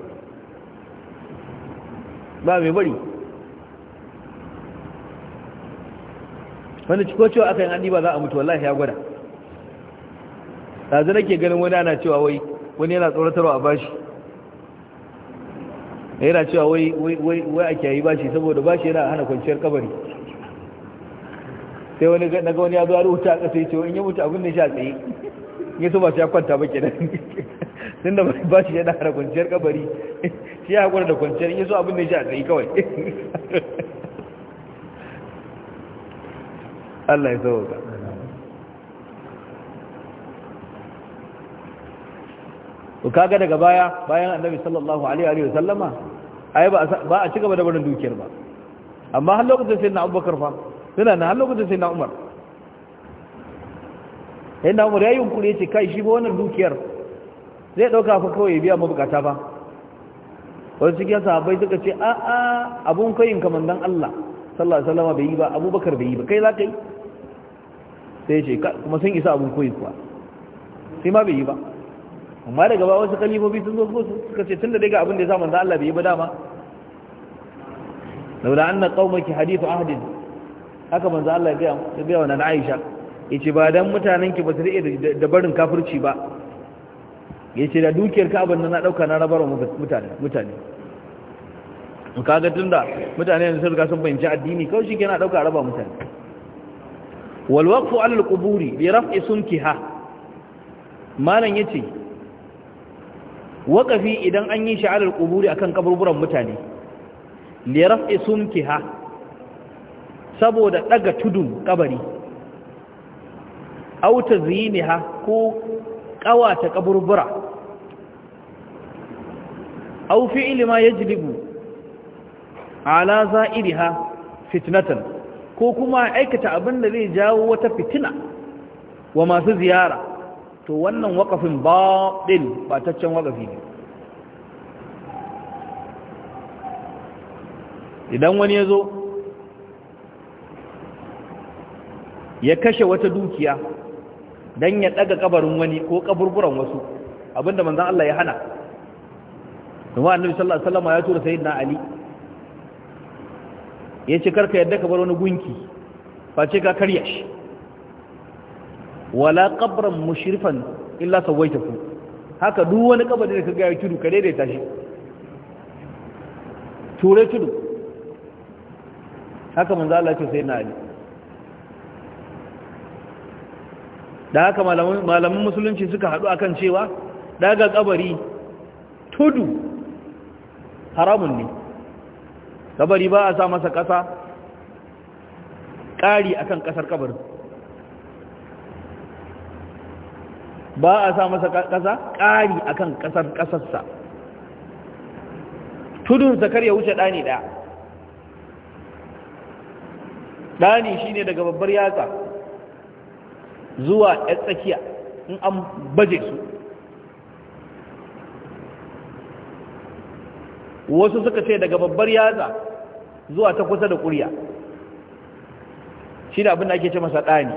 ba mai bari wani ciko cewa aka yin hannu ba za a mutu wallahi ya gwada ɗazu nake ganin wani ana cewa wai wani yana tsoratarwa a bashi yana cewa wai a kyayi bashi saboda bashi yana hana kwanciyar kabari sai wani naga wani ya zuwa rubuta a ƙasa ya ce in yi mutu abin da sha tsaye ya so ba su ya kwanta ba nan tun da bashi yana hana kwanciyar kabari shi ya haƙura da kwanciyar yi so abin da ya ji a tsaye kawai Allah ya sauka ku kaga daga baya bayan annabi sallallahu alaihi wa sallama ai ba a cigaba da barin dukiyar ba amma har lokacin sai na abubakar fa suna na har lokacin sai na umar sai na umar ya yi yunkuri ya ce kai shi ba wannan dukiyar zai ɗauka fa kawai ya biya mabukata ba wani cikin sahabbai suka ce a a abun kayin kamandan Allah sallallahu alaihi wasallam bai yi ba abubakar bai yi ba kai za ka yi sai ce kuma sun isa abun koyi kuwa sai ma bai yi ba amma daga ba wasu kalifofi sun zo suka ce tun da daga abin da ya sa manzo Allah bai yi ba dama laula anna qaumaki hadithu ahdin haka manzo Allah ya gaya wa ga Aisha ya ce ba don mutanenki ba su da barin kafirci ba ya ce da dukiyar ka da na ɗauka na rabar mutane kaga tun da mutane yanzu sun sun bayanci addini kawai shi na ɗauka raba mutane walwaqfu al-quburi li raf'i ha malan yace waqafi idan an yi shi al-quburi akan kaburburan mutane li raf'i ha, saboda daga tudun kabari aw ha ko ƙawata ƙaburbura au ilima ya jilibu ala za'iriha fitnatan ko kuma aikata abin da zai jawo wata fitina wa masu ziyara to wannan waƙafin baɗin bataccen waƙafi ne idan wani ya zo ya kashe wata dukiya dan ya daga kabarin wani ko kaburburan wasu abinda manzon Allah ya hana kuma annabi sallallahu alaihi wasallam ya tura sayyidina ali ya ce karka yadda ka bar wani gunki face ka karya shi wala qabran mushrifan illa sawaitahu haka duk wani kabari da ka ga tudu ka daidaita shi ture tudu haka manzo Allah ya ce sayyidina ali da haka malaman musulunci suka haɗu akan cewa daga ƙabari tudu haramun ne Ƙabari ba a sa masa ƙasa ƙari akan ƙasar ƙabarin ba a sa masa ƙasa ƙari akan ƙasar ƙasarsa tudunsa kar ya wuce ɗani ɗaya ɗani shine daga babbar yatsa zuwa ya tsakiya in an baje su wasu suka ce daga babbar yatsa zuwa ta kusa da ƙuriya shi da abin ake ce masa ɗani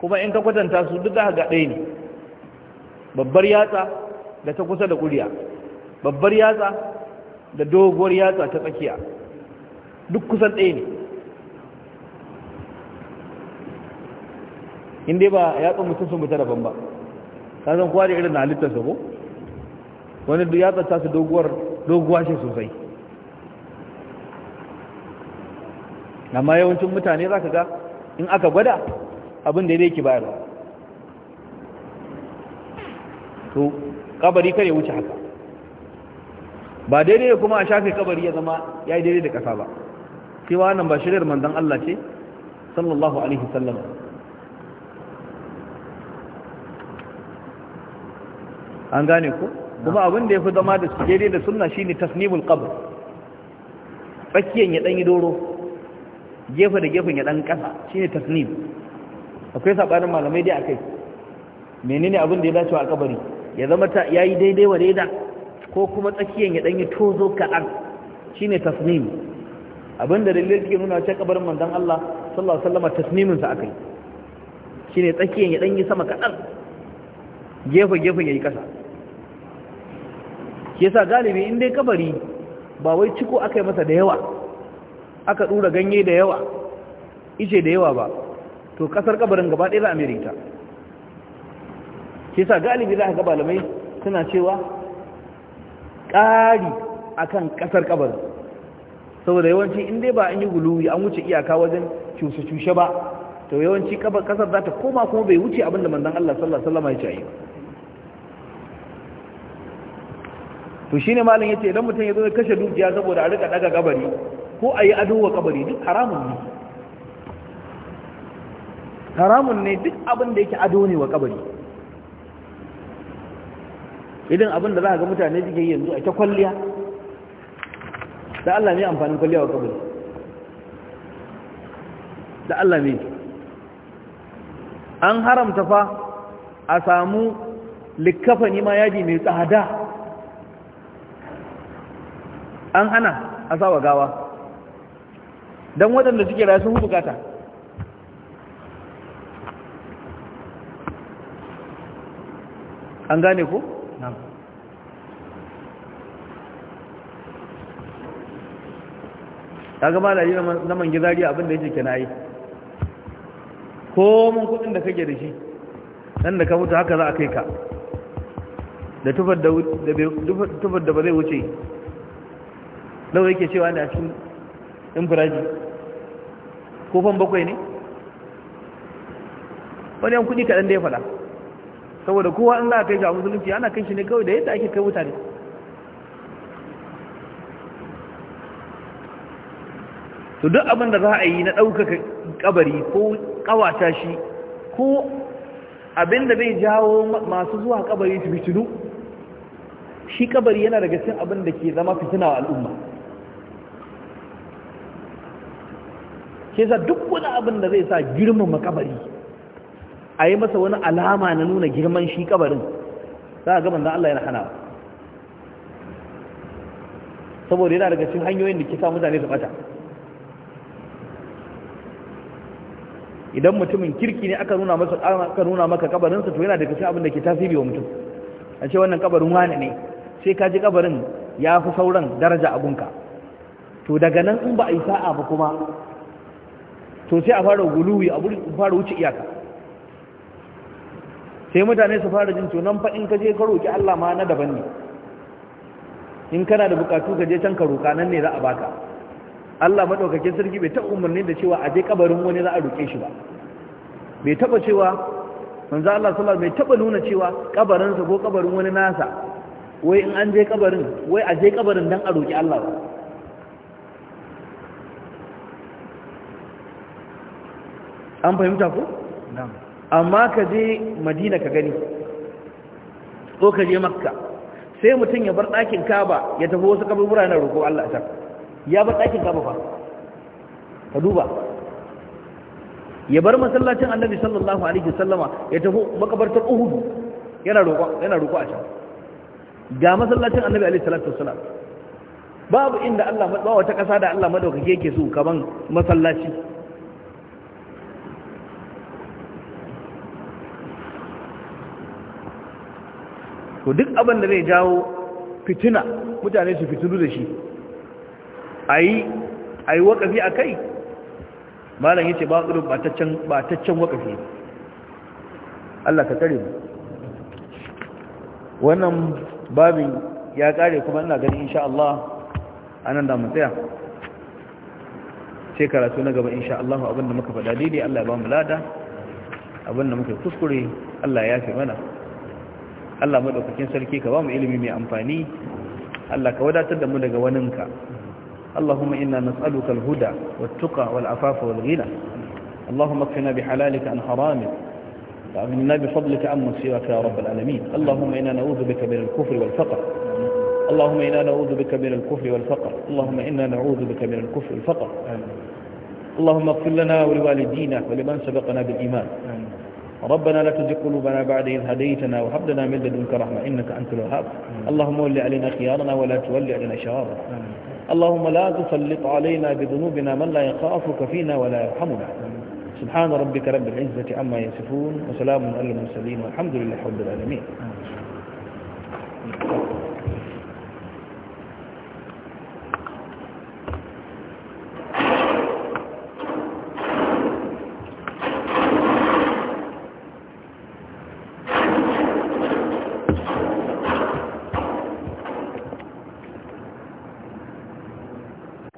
kuma in ka kwatanta su duk za ga ɗaya ne babbar yatsa da ta kusa da ƙuriya babbar yatsa da doguwar yatsa ta tsakiya duk kusan ɗaya ne inda ba ya tsan mutum sun mutu daban ba ta zan kowa da irin na halittarsa ko wani yatsa ta su doguwar doguwa ce sosai amma yawancin mutane za ka ga in aka gwada abin da ya yake bayarwa to kabari kare wuce haka ba daidai kuma a shafe kabari ya zama ya yi daidai da ƙasa ba sai wannan ba shirar manzan Allah ce sallallahu alaihi sallam an gane ku kuma abin da ya fi zama da su daidai da shi shine tasnimul qabr tsakiyan ya ɗanyi yi doro gefe da gefen ya ƙasa shi shine tasnim akwai saɓanin malamai dai a kai. menene abin da ya dace a alƙabari ya zama ta ya yi daidai wa daida ko kuma tsakiyan ya ɗanyi yi tozo Shi ne tasnim abin da dalilin ke nuna cewa kabarin manzon Allah sallallahu alaihi wasallam tasnimin sa akai shine tsakiyan ya dan yi sama kaɗan? gefe gefen yayi kasa ke yasa galibi in dai kabari ba wai ciko aka yi masa da yawa aka dura ganye da yawa ice da yawa ba to kasar kabarin gaba ɗaya za a merita ke yasa galibi za a ga malamai suna cewa ƙari akan kasar kabarin saboda yawanci in dai ba an yi guluwi an wuce iyaka wajen cusa-cushe ba to yawanci kasar za ta koma kuma bai wuce abinda manzan Allah sallallahu alaihi wasallam ya ce to shi ne malam yace idan mutum ya zo kashe dukiya saboda a rika daga kabari ko a yi ado wa kabari duk haramun ne haramun ne duk abin da yake ado ne wa kabari idan abin da za ga mutane suke yanzu a ta kwalliya da Allah ne amfanin kwalliya wa kabari da Allah ne an haramta fa a samu likkafa ma yaji mai tsada an hana a sawa gawa don waɗanda suke rayu sun bukata an gane ku? ta gama da yi na mangi zariya abinda yake ke na yi komin kudin da kake da shi nan da ka mutu haka za a kai ka da tufar da ba zai wuce lau yake cewa da a cikin ko kofan bakwai ne wani yan kudi kaɗan da ya fada saboda kowa an za kai shi a musulunci ana kai shi ne kawai da yadda ake kai mutane to duk abin da za a yi na ɗaukaka kabari ko ƙawata shi ko abin da zai jawo masu zuwa kabari su fitinu shi kabari yana daga cin abin da ke zama fitina wa al'umma shi yasa duk wani abin da zai sa girmama makabari a yi masa wani alama na nuna girman shi kabarin za a gaban da Allah yana hana saboda yana daga cin hanyoyin da kisa mutane su bata idan mutumin kirki ne aka nuna masa aka nuna maka kabarinsa to yana daga cin abin da ke tasiri wa mutum a ce wannan kabarin wani ne sai ka ji kabarin ya fi sauran daraja abunka to daga nan in ba a yi sa'a ba kuma to sai a fara guluwi a fara wuce iyaka sai mutane su fara jin tunan faɗin ka je ka roƙi Allah ma na daban ne in kana da bukatu ka je can ka roƙa nan ne za a baka Allah madaukakin sarki bai taɓa umarni da cewa a je kabarin wani za a roƙe shi ba bai taɓa cewa manzo Allah sallallahu alaihi wasallam bai taɓa nuna cewa kabarinsa ko kabarin wani nasa wai in an je kabarin wai a je kabarin dan a roƙi Allah ba an fahimta ku? amma ka je madina ka gani ko ka je makka sai mutum ya bar ɗakin kaba ya tafi wasu kaburbura na roƙo Allah ta ya bar ɗakin kaba fa ka duba ya bar masallacin annabi sallallahu alaihi sallama ya tafi makabartar uhudu yana roƙo a can ga masallacin annabi alaihi salatu wasallam babu inda Allah ba wata ƙasa da Allah madaukake yake so kaman masallaci to duk abin da zai jawo fitina mutane su fitinu da shi a yi wakafi a kai malam yace ba tsirin bataccen bataccen wakafi Allah ka tare mu wannan babin ya kare kuma ina ganin insha Allah anan da mu tsaya sai karatu na gaba insha Allah abinda muka faɗa daidai Allah ya ba mu lada abinda muka kuskure Allah ya fi mana Allah madaukakin sarki ka ba mu ilimi mai amfani Allah ka wadatar da mu daga waninka اللهم إنا نسألك الهدى والتقى والعفاف والغنى اللهم اكفنا بحلالك عن حرامك وأمننا بفضلك عما سواك يا رب العالمين اللهم إنا نعوذ بك من الكفر والفقر اللهم إنا نعوذ بك من الكفر والفقر اللهم إنا نعوذ بك من الكفر والفقر اللهم اغفر لنا ولوالدينا ولمن سبقنا بالإيمان ربنا لا تزغ قلوبنا بعد إذ هديتنا وهب لنا من لدنك رحمة إنك أنت الوهاب اللهم ول علينا خيارنا ولا تول علينا شرارنا اللهم لا تسلط علينا بذنوبنا من لا يخافك فينا ولا يرحمنا سبحان ربك رب العزة عما يصفون وسلام على المرسلين والحمد لله رب العالمين